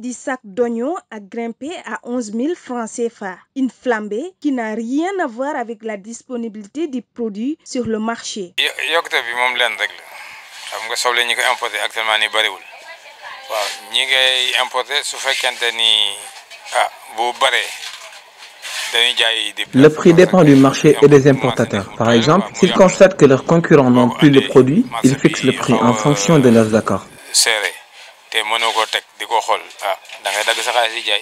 Des sacs d'oignons a grimpé à 11 000 francs CFA. Une flambée qui n'a rien à voir avec la disponibilité des le marché. yokkute bi moom lenn rek xam nga soble ñi koy importé actuellement ni bëriwul waaw ñi ngay importé su fekkente ni ah bu bëree dañuy jaay. Le prix dépend du marché et des importateurs. Par exemple, s'ils constatent que leurs concurrents n'ont plus le produit, ils fixent le prix en fonction de leurs accords. te mënoo ko teg di ko xool ah da ngay dagg sa xaalis jaay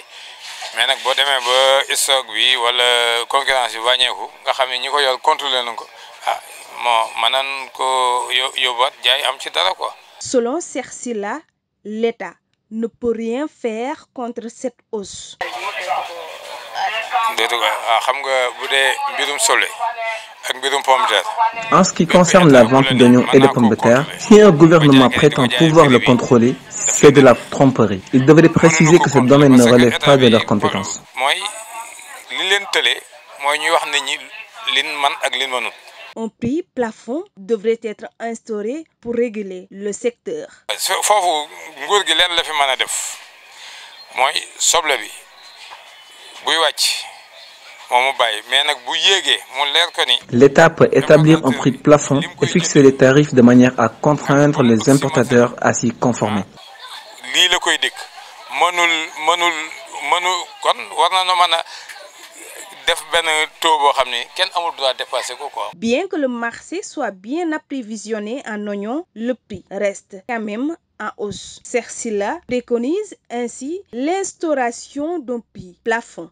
mais nag boo demee ba stock bi wala concurrence bi wàññeeku nga xam ne ñi ko yor contrôler nañ ko ah moo mënan ko yóbbuwaat jaay am ci dara quoi. Selon Cheikh Sylla, l'État ne peut rien faire contre cette hausse. Ah, en ce qui concerne la vente d'oignons et de pommes de terre, si un gouvernement prétend pouvoir le contrôler, C'est de la tromperie. Ils devraient préciser que ce domaine ne relève pas de leurs compétences. mooy li leen tële mooy ñuy wax nit ñi liñ man ak liñ mënul. un prix plafond devrait être instauré pour réguler le secteur. foofu nguur gi leen la fi mën a def mooy soble bi buy wàcc moom mu bàyyi mais nag bu yéegee mu leer ko ni. l'État peut établir un prix plafond et fixer les tarifs de manière à contraindre les importateurs à s'y lii la koy dikk mënul mënul mënu kon war na no mën a def benn taux boo xam ni kenn amul droit dépasser ko quoi. bien que le marché soit bien approvisionné en oignons le prix reste quand même en hausse. Cercila préconise ainsi l'instauration d'un prix plafond.